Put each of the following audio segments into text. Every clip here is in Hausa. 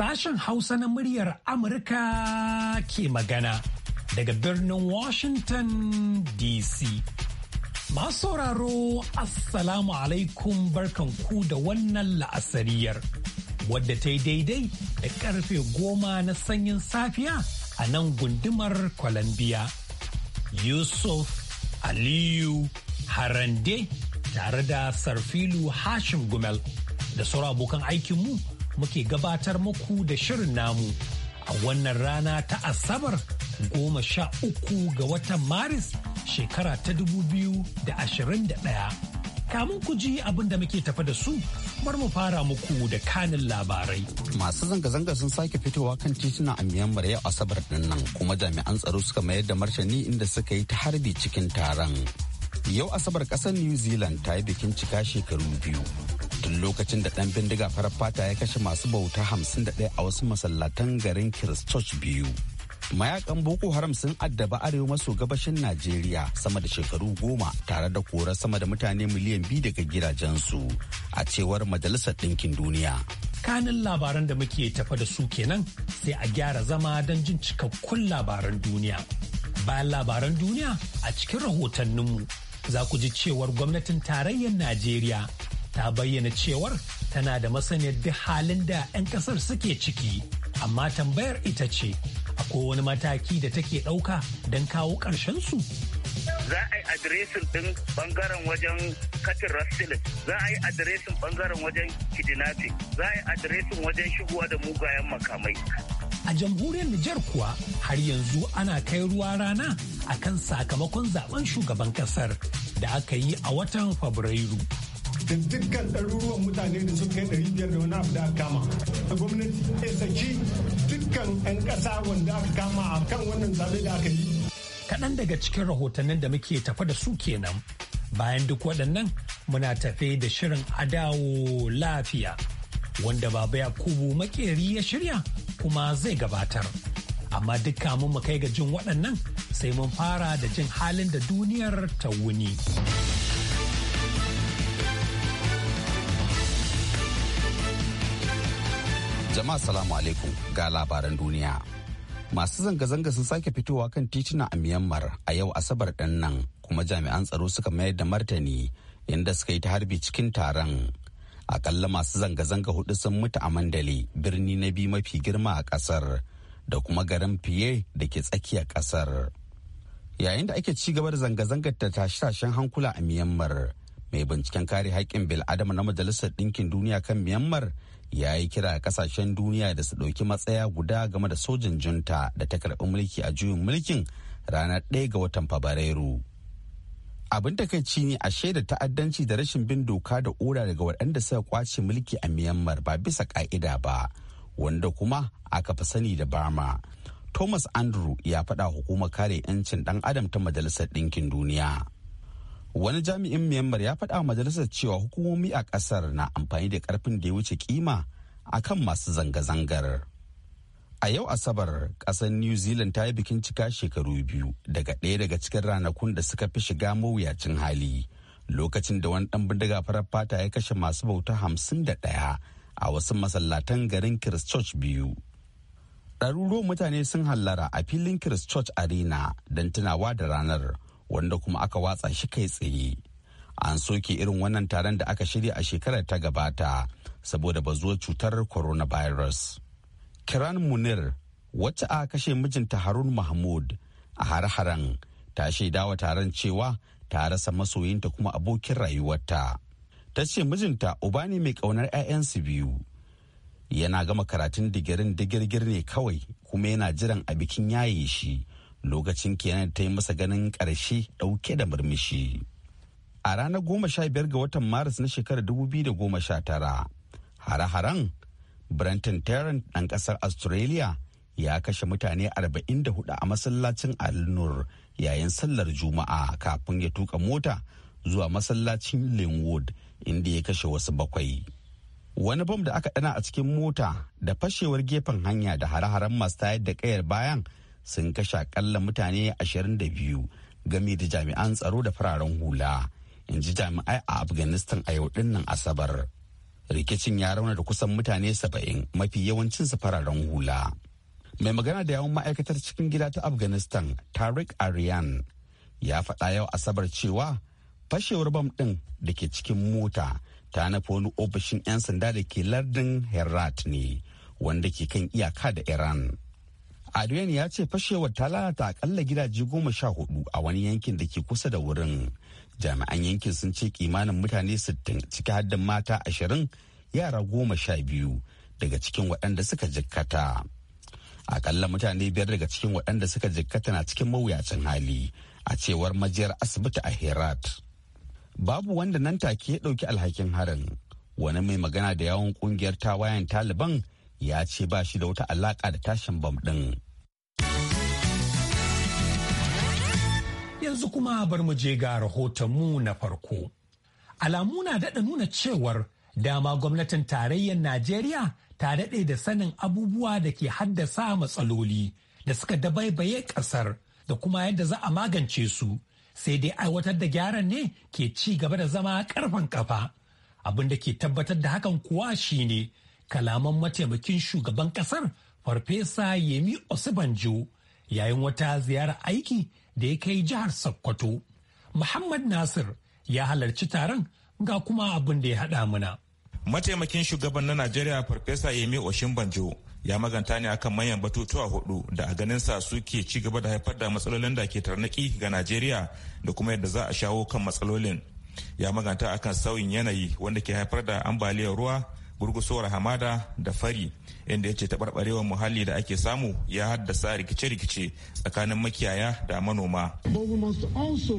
Sashen Hausa na muryar Amurka ke magana daga birnin Washington DC. Masu sauraro Assalamu alaikum barkanku da wannan la'asariyar wadda ta yi daidai da karfe goma na sanyin safiya a nan gundumar Columbia. Yusuf Aliyu Harande tare da Sarfilu Hashim Gumel da sauran abokan aikinmu muke gabatar muku da shirin namu a wannan rana ta Asabar goma sha uku ga watan Maris shekara ta dubu biyu da ashirin da ɗaya. Kamun ku ji abin da muke tafa da su bar mu fara muku da kanin labarai. Masu zanga-zanga sun sake fitowa kan tituna a Myanmar yau Asabar din nan kuma jami'an tsaro suka mayar da martani inda suka yi ta harbi cikin taron. Yau Asabar kasar New Zealand ta yi bikin cika shekaru biyu tun lokacin da ɗan bindiga farar fata ya kashe masu bauta hamsin da 51 a wasu masallatan garin Christchurch biyu. Mayakan Boko Haram sun addaba arewa maso gabashin Najeriya sama da shekaru goma tare da korar sama da mutane miliyan biyu daga gidajensu a cewar Majalisar Ɗinkin Duniya. Kanin labaran da muke tafa da su kenan sai a gyara zama don jin cikakkun labaran duniya. Bayan labaran duniya a cikin rahotanninmu za ku ji cewar gwamnatin tarayyar Najeriya ta bayyana cewar tana da masaniyar duk halin da 'yan kasar suke ciki amma tambayar ita ce akwai wani mataki da take ɗauka don kawo ƙarshensu za a yi adiresin ɗin ɓangaren wajen katin rastilin za a yi adiresin bangaren wajen kidinati za a yi adiresin wajen shigowa da mugayen makamai a jamhuriyar Nijar kuwa har yanzu ana kai ruwa rana akan sakamakon zaben shugaban kasar da aka yi a watan Fabrairu. da dukkan ɗaruruwan mutane da suka kai ɗari biyar da wani abu da aka kama gwamnati ya saki dukkan 'yan ƙasa wanda aka kama a kan wannan zaɓe da aka yi kaɗan daga cikin rahotannin da muke tafa da su kenan bayan duk waɗannan muna tafe da shirin adawo lafiya wanda baba ya kubu makeri ya shirya kuma zai gabatar amma dukka mu kai ga jin waɗannan sai mun fara da jin halin da duniyar ta wuni. Jama'a salamu alaikum ga labaran duniya. Masu zanga-zanga sun sake fitowa kan tituna a Myanmar a yau Asabar ɗan nan kuma jami'an tsaro suka mayar da martani inda suka yi ta harbi cikin taron. Akalla masu zanga-zanga hudu sun mutu a Mandale birni na biyu mafi girma a ƙasar da kuma garin Fiye da ke tsakiyar ƙasar. Yayin da ake ci gaba da zanga-zangar ta tashe-tashen hankula a Myanmar, mai binciken kare haƙƙin bil'adama na Majalisar Ɗinkin Duniya kan Myanmar ya yi kira kasashen duniya da su ɗauki matsaya guda game da sojin junta da ta karɓi mulki a juyin mulkin ranar 1 ga watan fabrairu abin takaici ne a shaida ta'addanci da rashin bin doka da ura daga waɗanda suka kwace mulki a myanmar ba bisa ka'ida ba wanda kuma aka fi sani da bama thomas andrew ya faɗa hukumar kare 'yancin ɗan adam ta majalisar ɗinkin duniya wani jami'in myanmar ya faɗa majalisar cewa hukumomi a ƙasar na amfani da ƙarfin da ya wuce kima a kan masu zanga-zangar a yau asabar ƙasar new zealand ta yi bikin cika shekaru biyu daga ɗaya daga cikin ranakun da suka fi shiga mawuyacin hali lokacin da wani ɗan bindiga farar fata ya kashe masu bauta hamsin da ɗaya a wasu masallatan garin christchurch biyu ɗaruruwan mutane sun hallara a filin christchurch arena don tunawa da ranar wanda kuma aka watsa shi kai tsaye an soke irin wannan taron da aka shirya a shekarar ta gabata saboda bazuwar cutar coronavirus kiran munir wacce aka kashe mijinta harun mahmud a har-haren ta shaidawa taron cewa ta rasa masoyinta kuma abokin rayuwarta ta ce mijinta uba ne mai ƙaunar 'ya'yansu biyu yana gama karatun digirin digirgir ne kawai kuma yana jiran a bikin yaye shi lokacin kenan ta yi masa ganin ƙarshe ɗauke da murmushi. A ranar goma sha biyar ga watan Maris na shekarar dubu biyu da goma sha tara, hare-haren Brenton Tarrant ɗan ƙasar Australia ya kashe mutane arba'in da hudu a masallacin alnur yayin sallar Juma'a kafin ya tuka mota zuwa masallacin Linwood inda ya kashe wasu bakwai. Wani bom da aka ɗana a cikin mota da fashewar gefen hanya da hare-haren masu tayar da ƙayar bayan sun kashe akalla mutane 22 game da jami'an tsaro da fararen hula in ji jami'ai a afghanistan a yau dinnan asabar rikicin ya rauna da kusan mutane 70 mafi yawancin su fararen hula mai magana da yawon ma'aikatar cikin gida ta afghanistan tariq aryan ya faɗa yau asabar cewa fashewar bam ɗin da ke cikin mota ta nufi wani ofishin 'yan sanda da ke lardin herat ne wanda ke kan iyaka da iran Adrian ya ce fashewar ta lalata akalla gidaje goma sha hudu a wani yankin da ke kusa da wurin. Jami'an yankin sun ce kimanin mutane sittin ciki haddin mata ashirin yara goma sha biyu daga cikin waɗanda suka jikkata. Akalla mutane biyar daga cikin waɗanda suka jikkata na cikin mawuyacin hali a cewar majiyar asibiti a Herat. Babu wanda nan take ya ɗauki alhakin harin. Wani mai magana da yawon ƙungiyar tawayen Taliban ya ce ba shi da wata alaka da tashin bam ɗin. Yanzu kuma bar mu je ga rahotonmu na farko. Alamu na daɗa nuna cewar dama gwamnatin tarayyar Najeriya ta daɗe da sanin abubuwa da ke haddasa matsaloli da suka dabaibaye ƙasar da kuma yadda za a magance su sai dai aiwatar da gyaran ne ke ci gaba da zama ƙarfan ƙafa. Abin da ke tabbatar da hakan kuwa shine kalaman mataimakin shugaban kasar farfesa yemi osibanjo yayin wata ziyarar aiki da ya kai jihar sokoto muhammad nasir ya halarci taron ga kuma abin da ya haɗa muna mataimakin shugaban na najeriya farfesa yemi osibanjo ya maganta ne akan manyan batutuwa hudu da a ganinsa suke ci gaba da haifar da matsalolin da ke tarnaki ga najeriya da kuma yadda za a shawo kan matsalolin ya maganta akan sauyin yanayi wanda ke haifar da ambaliyar ruwa gurgusowar hamada da fari inda ya ce taɓarɓarewar muhalli da ake samu ya haddasa rikice-rikice tsakanin makiyaya da manoma. also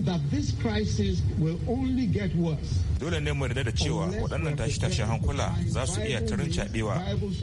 that this crisis will only get worse. Dole ne mu yarda da cewa waɗannan tashi-tashin hankula za su iya tarin caɓewa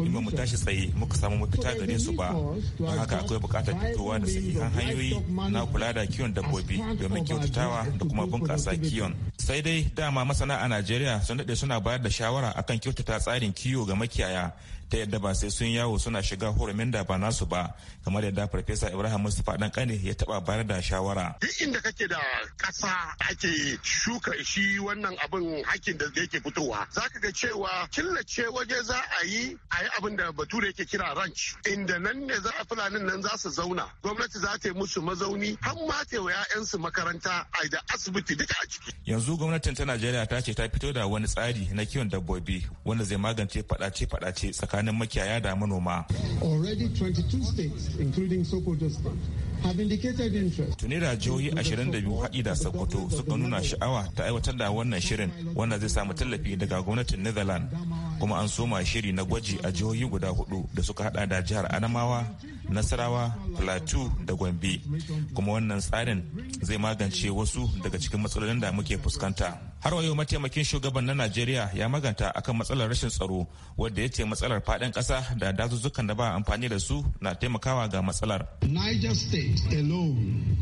in mu tashi tsaye muka samu mafita gare su ba. Don haka akwai buƙatar fitowa da sahihan hanyoyi na kula da kiwon dabbobi domin kyautatawa da kuma bunƙasa kiwon. Sai dai dama masana a Najeriya sun daɗe suna bayar da shawara akan kyautata tsarin kiwo ga makiyaya ta yadda ba sai sun yawo suna shiga hurumin da ba nasu ba kamar yadda farfesa ibrahim mustapha dan kane ya taba bayar da shawara duk inda kake da kasa ake shuka shi wannan abin hakin da yake fitowa zaka ga cewa killace waje za a yi a yi abin da bature yake kira ranch inda nan ne za a fulanin nan za su zauna gwamnati za ta yi musu mazauni har ma ta wa 'ya'yansu makaranta a da asibiti duka a ciki yanzu gwamnatin ta najeriya ta ce ta fito da wani tsari na kiwon dabbobi wanda zai magance fadace-fadace tsakanin tsakanin makiyaya da manoma. Already 22 states including Sokoto state Tuni da jihohi haɗi da Sokoto suka nuna sha'awa ta aiwatar da wannan shirin wanda zai samu tallafi daga gwamnatin Netherlands kuma an soma shiri na gwaji a jihohi guda hudu da suka hada da jihar Adamawa, Nasarawa, Plateau da Gombe. Kuma wannan tsarin zai magance wasu daga cikin matsalolin da muke fuskanta. har wayo mataimakin shugaban na najeriya ya maganta akan matsalar rashin tsaro wadda ya ce matsalar faɗin ƙasa da dazuzzukan da ba amfani da su na taimakawa ga matsalar niger state alone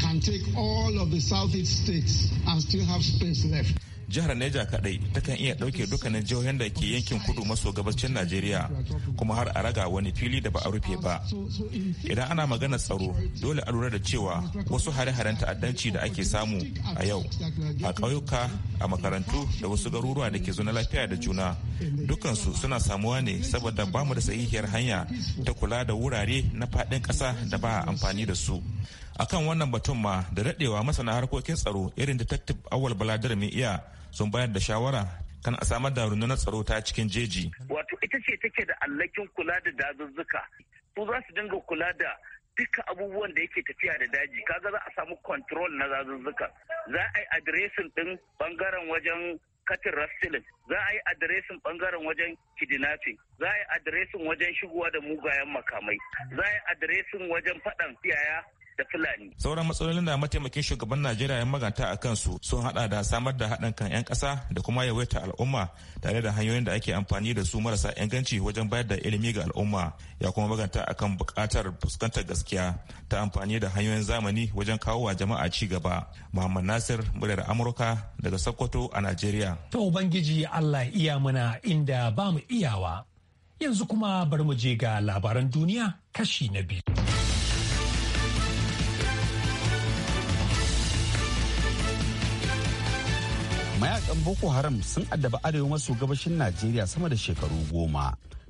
can take all of the southeast states and still have space left jihar neja kadai takan iya ɗauke dukkanin jihohin da ke yankin kudu maso gabacin najeriya kuma har a raga wani fili da ba a rufe ba idan ana magana tsaro dole a lura da cewa wasu hare-haren ta'addanci da ake samu a yau a ƙauyuka a makarantu da wasu garuruwa da ke zo na lafiya da juna dukansu suna samuwa ne saboda bamu da sahihiyar hanya ta kula da wurare na faɗin ƙasa da ba a amfani da su akan wannan batun ma da daɗewa masana harkokin tsaro irin detective awal baladar mai iya sun bayar da shawara kan a samar da rundunar tsaro ta cikin jeji. Wato ita ce take da allakin kula da dazuzzuka su za su dinga kula da duka abubuwan da yake tafiya da daji kaga za a samu control na dazuzzuka za a yi adiresin din bangaren wajen katin rastilin za a yi adiresin bangaren wajen kidnapping za a yi adiresin wajen shigowa da mugayen makamai za a yi adiresin wajen faɗan yaya da Fulani. Sauran matsalolin da mataimakin shugaban Najeriya ya maganta a kansu sun hada da samar da haɗin kan 'yan kasa da kuma yawaita al'umma tare da hanyoyin da ake amfani da su marasa inganci wajen bayar da ilimi ga al'umma ya kuma maganta akan buƙatar fuskantar gaskiya ta amfani da hanyoyin zamani wajen kawo wa jama'a ci gaba. Muhammad Nasir muryar Amurka daga Sokoto a Najeriya. Ta Ubangiji Allah iya mana inda ba mu iyawa. Yanzu kuma bari mu je ga labaran duniya kashi na biyu. mayakan boko haram sun addaba arewa maso gabashin najeriya sama da shekaru goma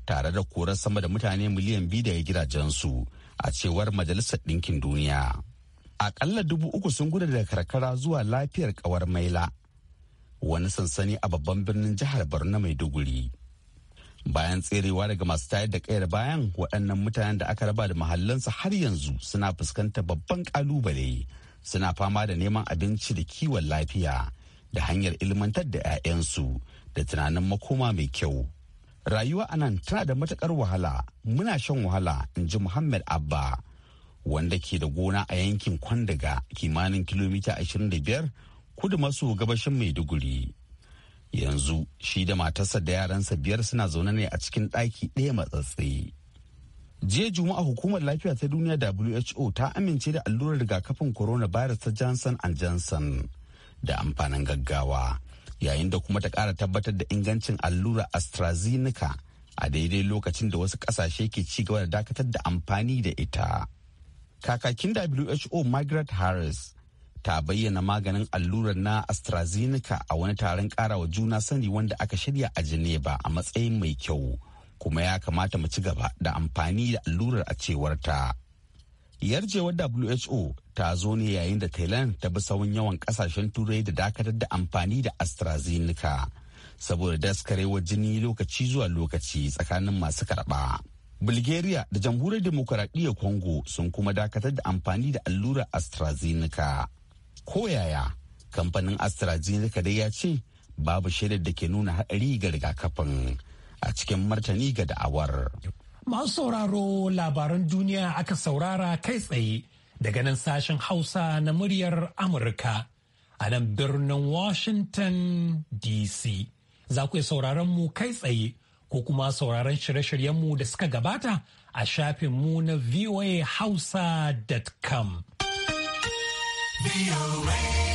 tare da korar sama da mutane miliyan biyu da gidajen gidajensu a cewar majalisar ɗinkin duniya akalla dubu uku sun gudu da karkara zuwa lafiyar kawar maila wani sansani a babban birnin jihar borno duguri. bayan tserewa daga masu tayar da kayar bayan waɗannan mutanen da aka raba da mahallansu har yanzu suna fuskantar babban kalubale suna fama da neman abinci da kiwon lafiya da hanyar ilmantar da 'ya'yansu da tunanin makoma mai kyau rayuwa a nan tana da matukar wahala muna shan wahala in ji muhammad abba wanda ke da gona a yankin kwandaga kimanin kilomita 25 kudu maso gabashin maiduguri yanzu shi da matarsa da yaransa biyar suna zaune ne a cikin ɗaki ɗaya matsatsi jiya juma'a hukumar lafiya ta duniya who ta amince da allurar rigakafin coronavirus ta johnson and johnson da amfanin gaggawa yayin da kuma ta kara tabbatar da ingancin allura AstraZeneca a daidai lokacin da wasu kasashe ke ci gaba da dakatar da amfani da ita. Kakakin WHO Margaret Harris ta bayyana maganin allurar na AstraZeneca a wani taron ƙarawa juna sani wanda aka shirya a Geneva a matsayin mai kyau kuma ya kamata mu ci gaba da amfani da allurar a cewarta. yarjewar who ta zo ne yayin da thailand ta bi sauran yawan kasashen turai da dakatar da amfani da astrazeneca saboda daskarewar jini lokaci zuwa lokaci tsakanin masu karɓa. bulgaria da jamhuriyar demokuraɗiyyar congo sun kuma dakatar da amfani da allurar astrazeneca ko yaya kamfanin astrazeneca dai ya ce babu shaidar da ke nuna haɗari ga rigakafin a cikin martani ga da'awar Masu sauraro labaran duniya aka saurara kai tsaye daga nan sashen Hausa na muryar Amurka a nan birnin Washington DC. Za ku sauraron mu kai tsaye ko kuma sauraron shirye-shiryenmu da suka gabata a shafin mu na voahausa.com. VOA.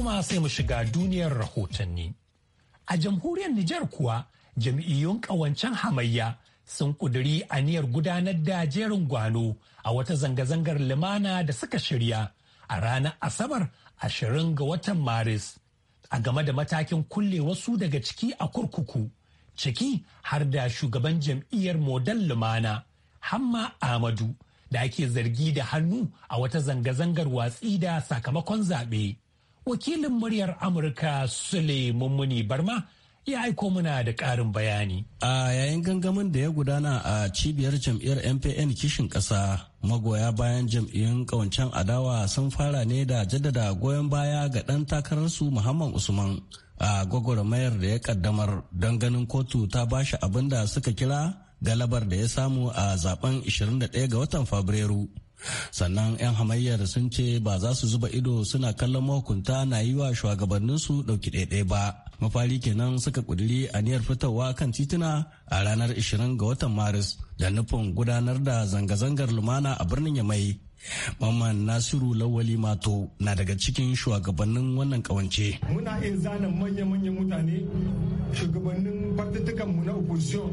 kuma sai mu shiga duniyar rahotanni. A jamhuriyar Nijar kuwa jam'iyyun ƙawancen hamayya sun ƙuduri aniyar gudanar da jerin gwano a wata zanga-zangar lumana da suka shirya a ranar Asabar 20 ga watan Maris. A game da matakin kulle wasu daga ciki a kurkuku, ciki har da shugaban jam'iyyar Modal Lumana, Hamma Amadu da ake zargi da hannu a wata zanga-zangar watsi da sakamakon zaɓe. wakilin muryar amurka sule mummuni barma ya aiko muna da ƙarin bayani. A yayin gangamin da ya gudana a cibiyar jam'iyyar MPN kishin ƙasa, magoya bayan jam'iyyun ƙawancen adawa sun fara ne da jaddada goyon baya ga ɗan takararsu Muhammad Usman a gwagwarmayar da ya ƙaddamar don ganin kotu ta bashi abin da suka kira galabar da ya samu a zaben 21 ga watan Fabrairu. sannan 'yan hamayyar sun ce ba za su zuba ido suna kallon mahukunta na yi wa shugabanninsu ɗauki ɗaiɗai ba mafari kenan suka a aniyar fitowa kan tituna a ranar 20 ga watan maris da nufin gudanar da zanga-zangar lumana a birnin yamai Maman Nasiru Lawali Mato na daga cikin shugabannin wannan kawance. Muna iya zana manya-manyan mutane shugabannin mu na opposition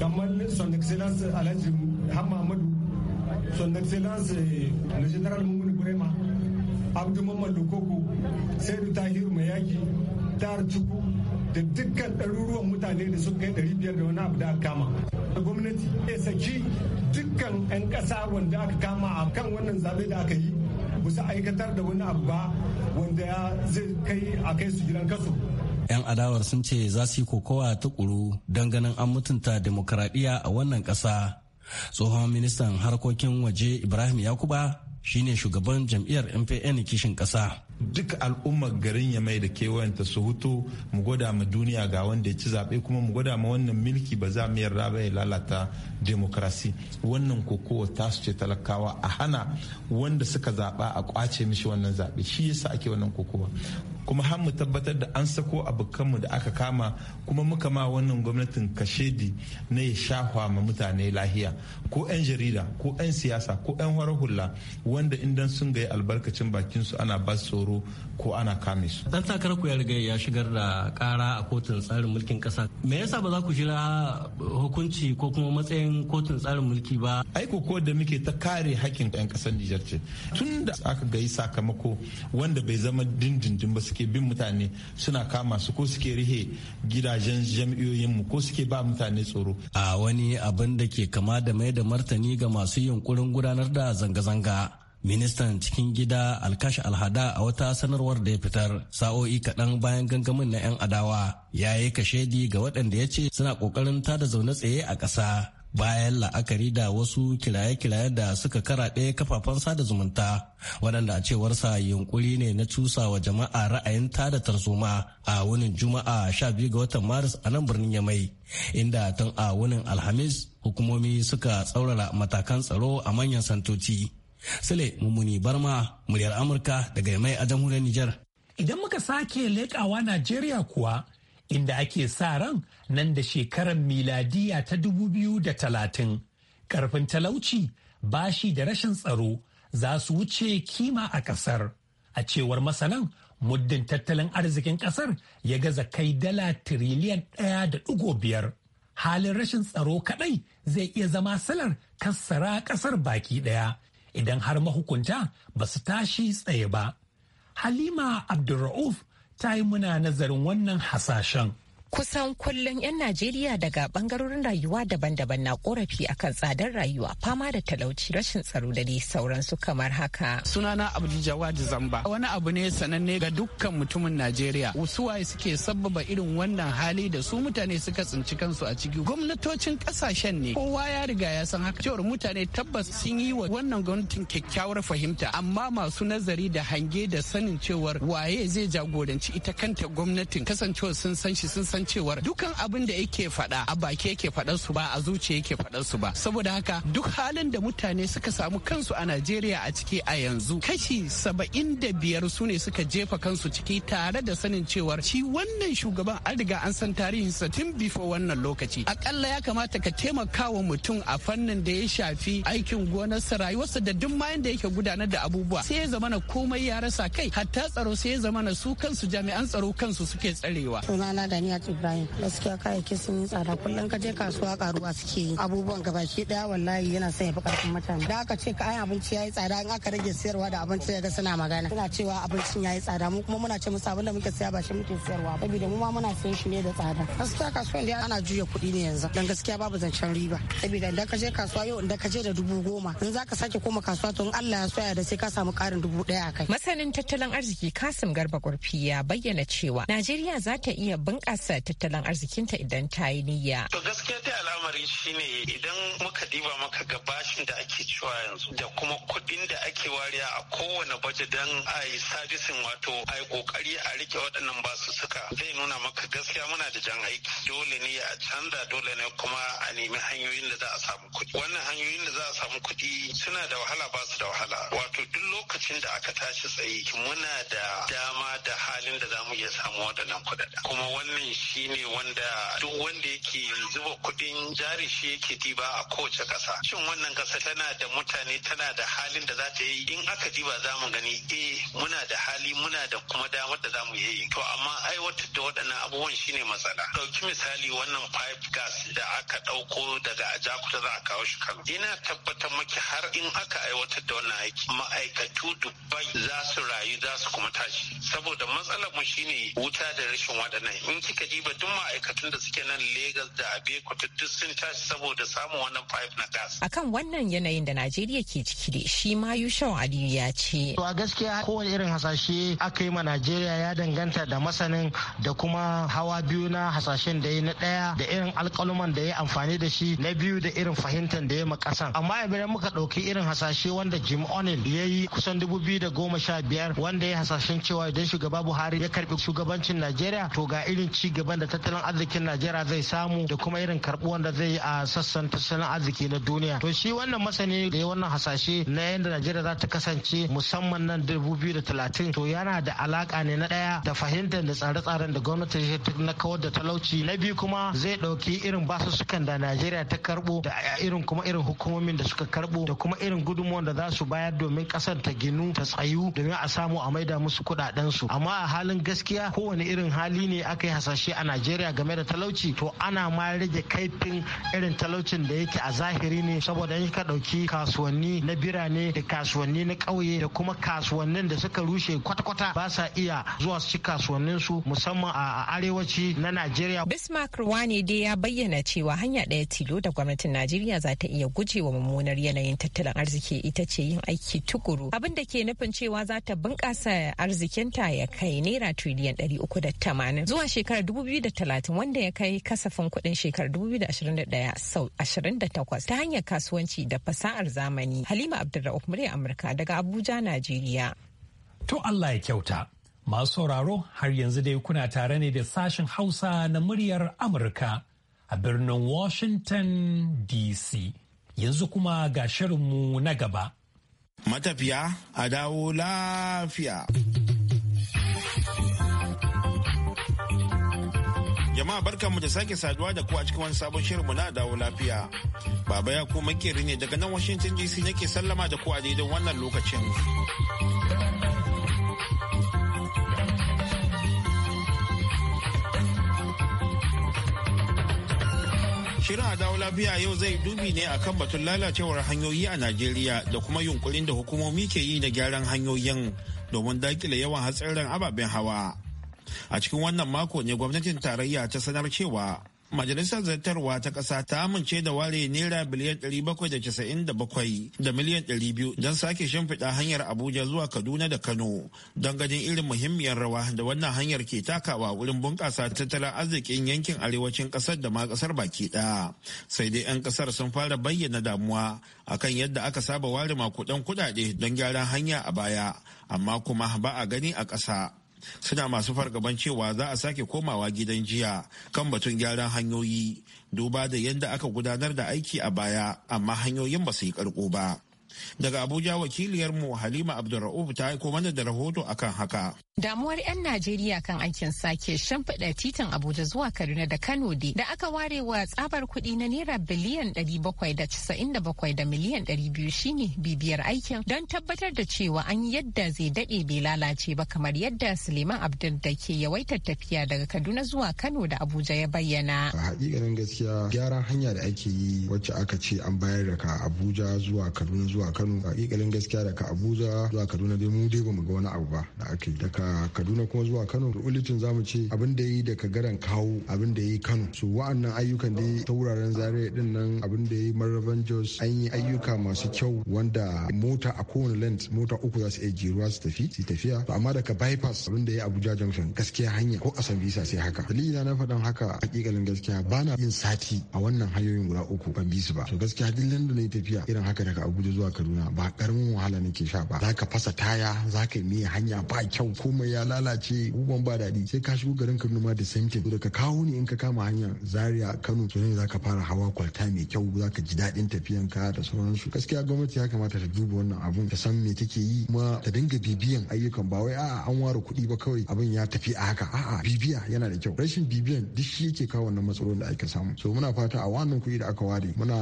kamar Son Alhaji Hamamadu son excellence le eh, général Mumuni Burema Abdou Mamman Lukoko Seydou Tahiru Mayaki Tar Cuku da dukkan ɗaruruwan mutane da suka kai ɗari biyar da wani abu da aka kama Da gwamnati ya saki dukkan 'yan ƙasa wanda aka kama a kan wannan zaɓe da aka yi su aikatar da wani abu ba wanda zai kai a kai su gidan kaso 'yan adawar sun ce za su yi kokowa ta ƙuru don ganin an mutunta demokradiyya a wannan ƙasa tsohon ministan harkokin waje ibrahim yakuba shine shugaban jam'iyyar mpn kishin ƙasa. duk al'ummar garin ya mai da kewayenta su hutu mu gwada ma duniya ga wanda ya ci zaɓe kuma mu gwada ma wannan milki ba za mu yarda ba ya lalata demokrasi wannan kokowa ta su ce talakawa a hana wanda suka zaɓa a kwace mishi wannan zaɓe shi yasa ake wannan kokowa kuma har mu tabbatar da an sako abokanmu da aka kama kuma muka ma wannan gwamnatin kashedi na ya shahwa ma mutane lahiya ko 'yan jarida ko 'yan siyasa ko 'yan hula wanda idan sun gai albarkacin bakin su ana ba tsoro ko ana kame su dan takarar ku ya ya shigar da kara a kotun tsarin mulkin kasa me yasa ba za ku jira hukunci ko kuma matsayin kotun tsarin mulki ba aiko ko da muke ta kare hakkin 'yan kasar Nijar ce tun da aka gayi sakamako wanda bai zama dindindin ba suke bin mutane suna kama su ko suke rihe gidajen jam'iyoyinmu ko suke ba mutane tsoro. A wani abin da ke kama da mai da martani ga masu yunkurin gudanar da zanga-zanga. ministan cikin gida alkash alhada a wata sanarwar da ya fitar sa'o'i kaɗan bayan gangamin na 'yan adawa ya yi kashedi ga waɗanda ya ce suna ƙoƙarin tada zaune tsaye a ƙasa bayan la'akari da wasu kiraye kiraye da suka karaɗe kafafen sada zumunta waɗanda a cewarsa yunkuri ne na cusa wa jama'a ra'ayin tada tarzoma a wunin juma'a 12 ga watan maris a nan birnin yamai inda tun a wunin alhamis hukumomi suka tsaurara matakan tsaro a manyan santoci sule mummuni barma muryar amurka daga yamai a jamhuriyar nijar idan muka sake leƙawa najeriya kuwa inda ake sa ran nan da shekarar miladiya ta dubu biyu da talatin, Karfin talauci, bashi da rashin tsaro za su wuce kima a ƙasar. A cewar masanan, muddin tattalin arzikin ƙasar ya gaza kai dala tiriliyan ɗaya da ɗigo biyar. Halin rashin tsaro kaɗai zai iya zama salar kassara ƙasar baki ɗaya idan har mahukunta ba su tashi tsaye ba. Halima Abdulra'uf ta yi muna nazarin wannan hasashen Kusan kullum 'yan Najeriya daga bangarorin rayuwa daban-daban na korafi akan tsadar rayuwa fama da talauci rashin tsaro da dai sauransu kamar haka. Sunana Abdul Jawad Zamba wani abu ne sananne ga dukkan mutumin Najeriya. Wasu waye suke sabbaba irin wannan hali da su mutane suka tsinci kansu a ciki. Gwamnatocin kasashen ne kowa ya riga ya san haka cewar mutane tabbas sun yi wa wannan gwamnatin kyakkyawar fahimta amma masu nazari da hange da sanin cewar waye zai jagoranci ita kanta gwamnatin kasancewar sun san shi sun san san cewar dukan abin da yake faɗa a baki yake faɗan su ba a zuciya yake faɗan su ba saboda haka duk halin da mutane suka samu kansu a Najeriya a ciki a yanzu kashi saba'in da biyar su ne suka jefa kansu ciki tare da sanin cewar shi wannan shugaban an riga an san tarihin sa tun before wannan lokaci akalla ya kamata ka taimaka wa mutum a fannin da ya shafi aikin gonarsa rayuwarsa da duk mayan da yake gudanar da abubuwa sai ya zamana komai ya rasa kai hatta tsaro sai ya zamana su kansu jami'an tsaro kansu suke tsarewa sunana ibrahim gaskiya kayayyaki sun yi tsada kullum ka je kasuwa karuwa suke yi abubuwan baki daya wallahi yana sanya fi karfin mutane da aka ce kayan abinci ya yi tsada in aka rage siyarwa da abinci ga suna magana suna cewa abincin ya yi tsada mu kuma muna ce musu abin da muke siya ba shi muke siyarwa saboda mu ma muna siyan shi ne da tsada gaskiya kasuwan da ana juya kuɗi ne yanzu dan gaskiya babu zancen riba saboda idan ka je kasuwa yau idan ka je da dubu goma in za ka sake koma kasuwa to in Allah ya so ya da sai ka samu karin dubu daya a kai masanin tattalin arziki Kasim Garba Gurfi ya bayyana cewa Najeriya za ta iya bunƙasa tattalin arzikinta idan ta yi niyya. To gaskiya ta al'amari shine idan muka diba maka ga bashin da ake cewa yanzu da kuma kuɗin da ake wariya a kowane baje don a yi sabisin wato a yi ƙoƙari a rike waɗannan basu suka zai nuna maka gaskiya muna da jan aiki dole ne a canza dole ne kuma a nemi hanyoyin da za a samu kuɗi wannan hanyoyin da za a samu kuɗi suna da wahala ba su da wahala wato duk lokacin da aka tashi tsaye muna da dama da halin da za mu iya samu waɗannan kuɗaɗen kuma wannan shine wanda duk wanda yake zuba kuɗin jari shi yake diba a kowace ƙasa shin wannan ƙasa tana da mutane tana da halin da za ta yi in aka diba za mu gani eh muna da hali muna da kuma dama iya yi to amma aiwatar da waɗannan abubuwan shine matsala ɗauki misali wannan pipe gas da aka ɗauko daga ajakuta za a kawo shi kano ina tabbatar maki har in aka aiwatar da wannan aiki ma'aikatu dubbai za su rayu za su kuma tashi saboda matsalar mu shine wuta da rashin waɗannan in kika diba duk ma'aikatun da suke nan Legas da Abeokuta duk sun tashi saboda samun wannan pipe na gas akan wannan yanayin da Najeriya ke ciki da shi ma Yushaw Aliyu ya ce to a gaskiya kowane irin hasashe aka yi ma Najeriya ya danganta da masanin da kuma hawa biyu na hasashen da ya na daya da irin alƙaluman da ya amfani da shi na biyu da irin fahimtar da ya ma amma idan muka ɗauki irin hasashe wanda jim onil ya yi kusan dubu biyu da goma sha biyar wanda ya hasashen cewa idan shugaba buhari ya karɓi shugabancin najeriya to ga irin ci gaban da tattalin arzikin najeriya zai samu da kuma irin karɓuwan da zai yi a sassan tattalin arziki na duniya to shi wannan masani da ya wannan hasashe na yadda najeriya za ta kasance musamman nan dubu biyu da talatin to yana da alaka ne na ɗaya da fahimtar da tsare-tsaren da gwamnati na kawar da talauci na biyu kuma zai ɗauki irin basussukan da najeriya ta karbo da irin kuma irin hukumomin da suka karbo da kuma irin gudunmuwan da za su bayar domin kasar ta ginu ta tsayu domin a samu a maida musu kudaden su amma a halin gaskiya kowane irin hali ne aka yi hasashe a najeriya game da talauci to ana ma rage kaifin irin talaucin da yake a zahiri ne saboda in ka dauki kasuwanni na birane da kasuwanni na kauye da kuma kasuwannin da suka rushe kwata-kwata ba sa iya zuwa masu ci kasuwannin su musamman a arewaci na Najeriya. Bismarck Rwani dai ya bayyana cewa hanya ɗaya tilo da gwamnatin Najeriya za ta iya gujewa mummunar yanayin tattalin arziki ita ce yin aiki tukuru. Abin da ke nufin cewa za ta bunƙasa arzikinta ya kai naira triliyan ɗari uku da tamanin zuwa shekarar dubu biyu da talatin wanda ya kai kasafin kuɗin shekarar dubu biyu da ashirin da ɗaya sau ashirin da takwas ta hanyar kasuwanci da fasahar zamani. Halima Abdulra'uf murya Amurka daga Abuja, Najeriya. To Allah ya kyauta. Masu sauraro har yanzu dai kuna tare ne da sashen Hausa na muryar Amurka a birnin Washington DC. Yanzu kuma ga shirinmu na gaba. Matafiya a dawo lafiya. Jama'a barkanmu da sake saduwa da ku a cikin wani sabon shirinmu na dawo lafiya. Baba ya kuma ne daga nan Washington DC nake sallama da ku a daidai wannan lokacin. Shirin a dawo lafiya yau zai dubi ne akan batun lalacewar hanyoyi a Najeriya da kuma yunkurin da hukumomi ke yi da gyaran hanyoyin domin dakile yawan hatsarin ababen hawa. A cikin wannan mako ne gwamnatin tarayya ta sanar cewa Majalisar Zartarwa ta ƙasa ta amince da ware naira biliyan 797 da miliyan 200 don sake shimfiɗa hanyar Abuja zuwa Kaduna da Kano don ganin irin muhimmiyar rawa da wannan hanyar ke takawa wurin bunƙasa tattalin arzikin yankin arewacin ƙasar da ma ƙasar baki ɗaya. Sai dai 'yan ƙasar sun fara bayyana damuwa akan yadda aka saba ware makudan kuɗaɗe don gyaran hanya a baya, amma kuma ba a gani a ƙasa. suna masu fargaban cewa za a sake komawa gidan jiya kan batun gyaran hanyoyi duba da yadda aka gudanar da aiki a baya amma hanyoyin ba su yi karko ba daga abuja mu halima abdulra'uf ta aiko mana da rahoto akan haka Damuwar 'yan Najeriya kan aikin sake shimfiɗa titin Abuja zuwa Kaduna da Kano de da aka ware wa tsabar kuɗi na naira biliyan 797 da miliyan 200 shine bibiyar aikin don tabbatar da cewa an yadda zai daɗe bai lalace ba kamar yadda Suleiman Abdul da ke yawaitar tafiya daga Kaduna zuwa Kano da Abuja ya bayyana. A hakikanin gaskiya gyaran hanya da ake yi wacce aka ce an bayar da ka Abuja zuwa Kaduna zuwa Kano a hakikanin gaskiya daga Abuja zuwa Kaduna dai mu dai bamu ga wani abu ba da aka yi daga kaduna kuma zuwa kano ulitin mu ce abin da yi daga garan kawo abin da yi kano su wa'annan ayyukan da ta wuraren zare din nan abin da yi Maraban jos an yi ayyuka masu kyau wanda mota a kowane lent mota uku za su iya jiruwa su tafi su tafiya amma daga bypass abin da ya abuja junction gaskiya hanya ko asan bisa sai haka dalilina na faɗan haka hakikalin gaskiya bana yin sati a wannan hanyoyin guda uku ban bi su ba to gaskiya duk landa na tafiya irin haka daga abuja zuwa kaduna ba karamin wahala nake sha ba za ka fasa taya za ka yi hanya ba kyau ko mai ya lalace guban ba daɗi sai ka shigo garin Kaduna ma da samtin to daga kawo ne in ka kama hanya Zaria Kano to ne zaka fara hawa kwalta mai kyau zaka ji daɗin tafiyan ka da sauransu gaskiya gwamnati ya kamata ta duba wannan abun ta san me take yi kuma ta dinga bibiyan ayyukan ba wai a'a an ware kuɗi ba kawai abin ya tafi a haka a'a bibiya yana da kyau rashin bibiyan duk shi yake kawo wannan matsalolin da ake samu so muna fata a wannan kuɗi da aka ware muna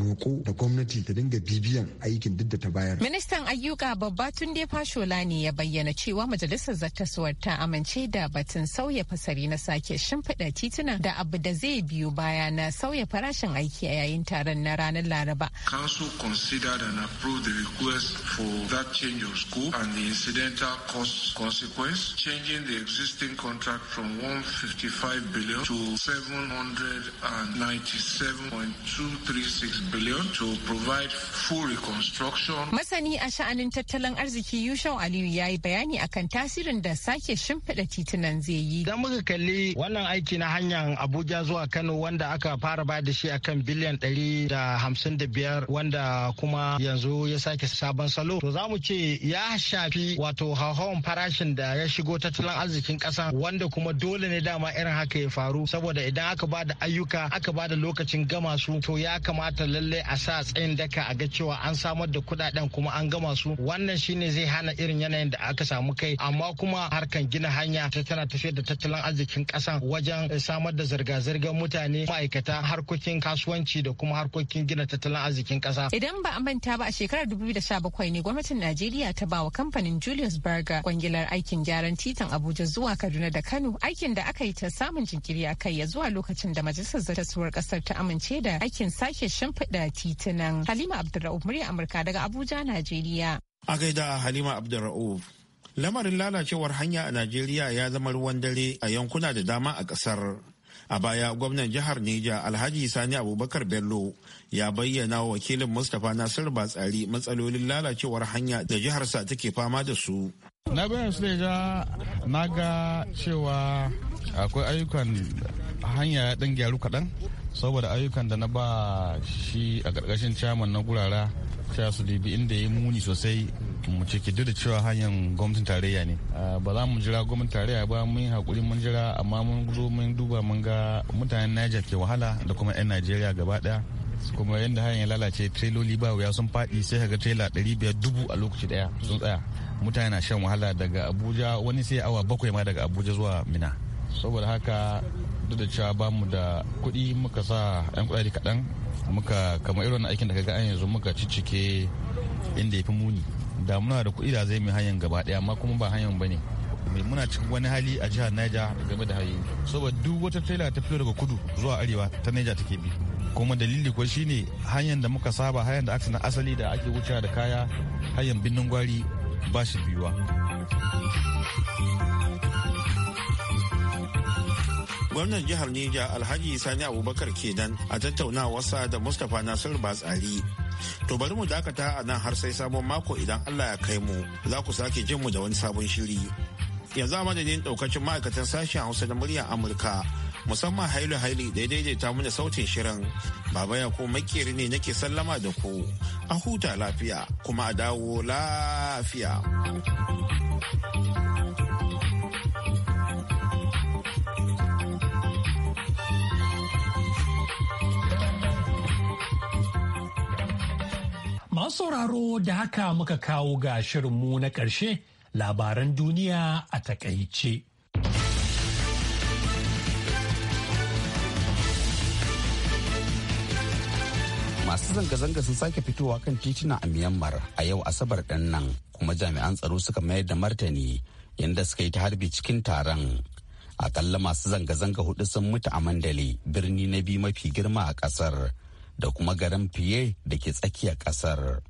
roƙo da gwamnati ta dinga bibiyan aikin duk da ta bayar ministan ayyuka babba tunde fashola ne ya bayyana cewa majalisar majalisar zattasuwar ta amince da batun sauya fasari na sake shimfiɗa tituna da abu da zai biyu baya na sauya farashin aiki a yayin taron na ranar laraba. council considered and approved the request for that change of scope and the incidental cost consequence changing the existing contract from 155 billion to 797.236 billion to provide full reconstruction. masani a sha'anin tattalin arziki yushau aliyu ya yi bayani akan tasiri tasirin da sake shimfiɗa titunan zai yi. Idan muka kalli wannan aiki na hanyar Abuja zuwa Kano wanda aka fara ba da shi kan biliyan ɗari da hamsin da biyar wanda kuma yanzu ya sake sabon salo. To za mu ce ya shafi wato hauhawan farashin da ya shigo tattalin arzikin ƙasa wanda kuma dole ne dama irin haka ya faru saboda idan aka ba da ayyuka aka ba da lokacin gama su to ya kamata lallai a sa tsayin daka a ga cewa an samar da kuɗaɗen kuma an gama su wannan shine zai hana irin yanayin da aka samu kai amma amma kuma harkan gina hanya ta tana tafiyar da tattalin arzikin ƙasa wajen eh, samar da zirga-zirgar mutane ma'aikata harkokin kasuwanci da kuma harkokin gina tattalin arzikin ƙasa. Idan ba a manta ba a shekarar 2017 ne gwamnatin Najeriya ta ba wa kamfanin Julius Berger kwangilar aikin gyaran titan Abuja zuwa Kaduna da Kano aikin da aka yi ta samun jinkiri a kai ya zuwa lokacin da majalisar suwar ƙasar ta amince da aikin sake shimfiɗa titunan. Halima Abdulra'uf murya Amurka daga Abuja, Najeriya. A gaida Halima Abdulra'uf. lamarin lalacewar hanya a najeriya ya zama ruwan dare a yankuna da dama a kasar a baya gwamnan jihar neja alhaji sani abubakar bello ya bayyana wa wakilin mustapha nasir batsari matsalolin lalacewar hanya da jiharsa take fama da su na bayan su da na ga cewa akwai ayyukan hanya ya ɗan gyaru kaɗan saboda ayyukan da na ba shi a ƙarƙashin caman na gurara cewa su dibi inda ya muni sosai mu ciki duk da cewa hanyar gwamnatin tarayya ne ba za mu jira gwamnatin tarayya ba mun yi hakuri mun jira amma mun zo mun duba mun ga mutanen Niger ke wahala da kuma 'yan Najeriya gaba daya kuma yadda hanyar ya lalace trailoli ba wuya sun faɗi sai kaga trailer ɗari biyar dubu a lokaci ɗaya sun tsaya mutane na shan wahala daga abuja wani sai awa bakwai ma daga abuja zuwa mina saboda haka duk da cewa ba mu da kuɗi muka sa 'yan kuɗaɗe kaɗan muka kamar irin aikin da kaga an yanzu muka ciccike inda ya fi muni da muna da kuɗi da zai mai hanyar gaba ɗaya amma kuma ba hanyar ba ne muna cikin wani hali a jihar naija game da hanyoyi saboda duk wata tela ta fito daga kudu zuwa arewa ta naija take bi kuma dalili kuwa shine hanyar da muka saba hanyar da aka na asali da ake wucewa da kaya hanyar binnin gwari ba shi biyuwa gwamnan jihar niger Alhaji Sani Abubakar ke nan a tattaunawarsa da Mustapha Nasir Batsari. To bari mu dakata a nan har sai sabon mako idan Allah ya kai mu za ku sake jin mu da wani sabon shiri. Yanzu a madadin daukacin ma'aikatan sashen Hausa na muryar Amurka musamman hailu haili da ya daidaita mana sautin shirin baba ya ko makeri ne nake sallama da ku a huta lafiya kuma a dawo lafiya. Masu sauraro da haka muka kawo ga shirinmu na ƙarshe labaran duniya a takaice. masu zanga-zanga sun sake fitowa kan titina a myanmar a yau asabar ɗin nan kuma jami'an tsaro suka mayar da martani yadda suka yi ta harbi cikin taron akalla masu zanga-zanga hudu sun mutu a mandale birni na biyu mafi girma a ƙasar da kuma garin fiye da ke tsakiyar kasar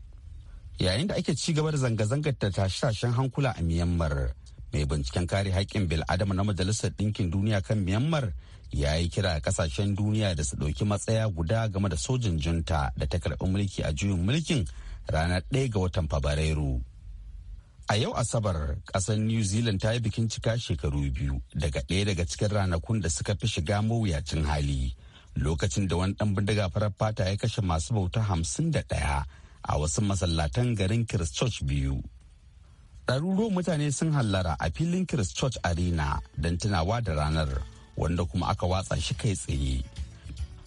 yayin da ake ci gaba da zanga-zangar ta tashe hankula a myanmar mai binciken kare haƙƙin bil'adama na majalisar ɗinkin duniya kan myanmar ya yi kira a ƙasashen duniya da su ɗauki matsaya guda game da sojin junta da ta karɓi mulki a juyin mulkin ranar ɗaya ga watan fabrairu a yau asabar ƙasar new zealand ta yi bikin cika shekaru biyu daga ɗaya daga cikin ranakun da suka fi shiga mawuyacin hali lokacin da wani ɗan bindiga farar fata ya kashe masu bauta hamsin da ɗaya a wasu masallatan garin Christchurch biyu. Ɗaruruwan mutane sun hallara a filin Christchurch Arena don tunawa da ranar wanda kuma aka watsa shi kai tsaye.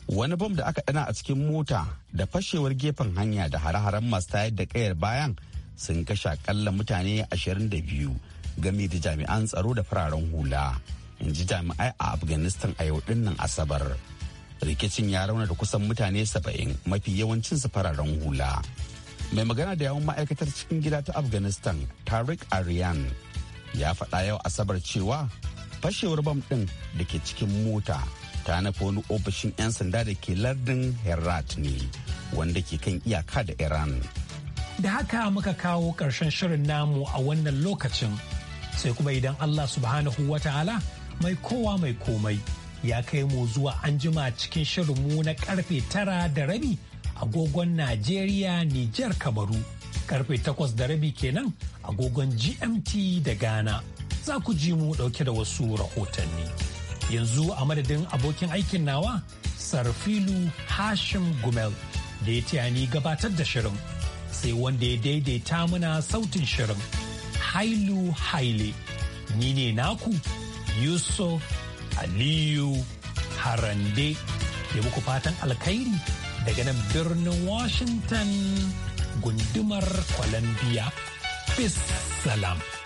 Wani bom da aka ɗana a cikin mota da fashewar gefen hanya da hare-haren masu tayar da kayar bayan sun kashe akalla mutane ashirin da biyu game da jami'an tsaro da fararen hula. in ji jami'ai a afghanistan a yau dinnan asabar rikicin ya rauna da kusan mutane saba'in mafi yawancin su fararen hula mai magana da yawon ma'aikatar cikin gida ta afghanistan tarik aryan ya faɗa yau asabar cewa fashewar bam ɗin da ke cikin mota ta nufa wani ofishin 'yan sanda da ke lardin herat ne wanda ke kan iyaka da iran da haka muka kawo ƙarshen shirin namu a wannan lokacin sai kuma idan allah subhanahu wa ta'ala mai kowa mai komai ya kai mu zuwa anjima cikin shirinmu na karfe tara da rabi agogon Najeriya, Nijar, Kamaru. Karfe takwas da rabi kenan agogon GMT da Ghana. Za ku ji mu dauke da wasu rahotanni. Yanzu a madadin abokin aikin nawa, Sarfilu Hashim Gumel, da ya tiya ni gabatar da shirin. Sai wanda ya daidaita muna sautin shirin. Hailu Haile, ni ne naku, Yusuf Aliyu Harande ya muku fatan alkhairi daga nan birnin Washington gundumar Columbia. Peace salam.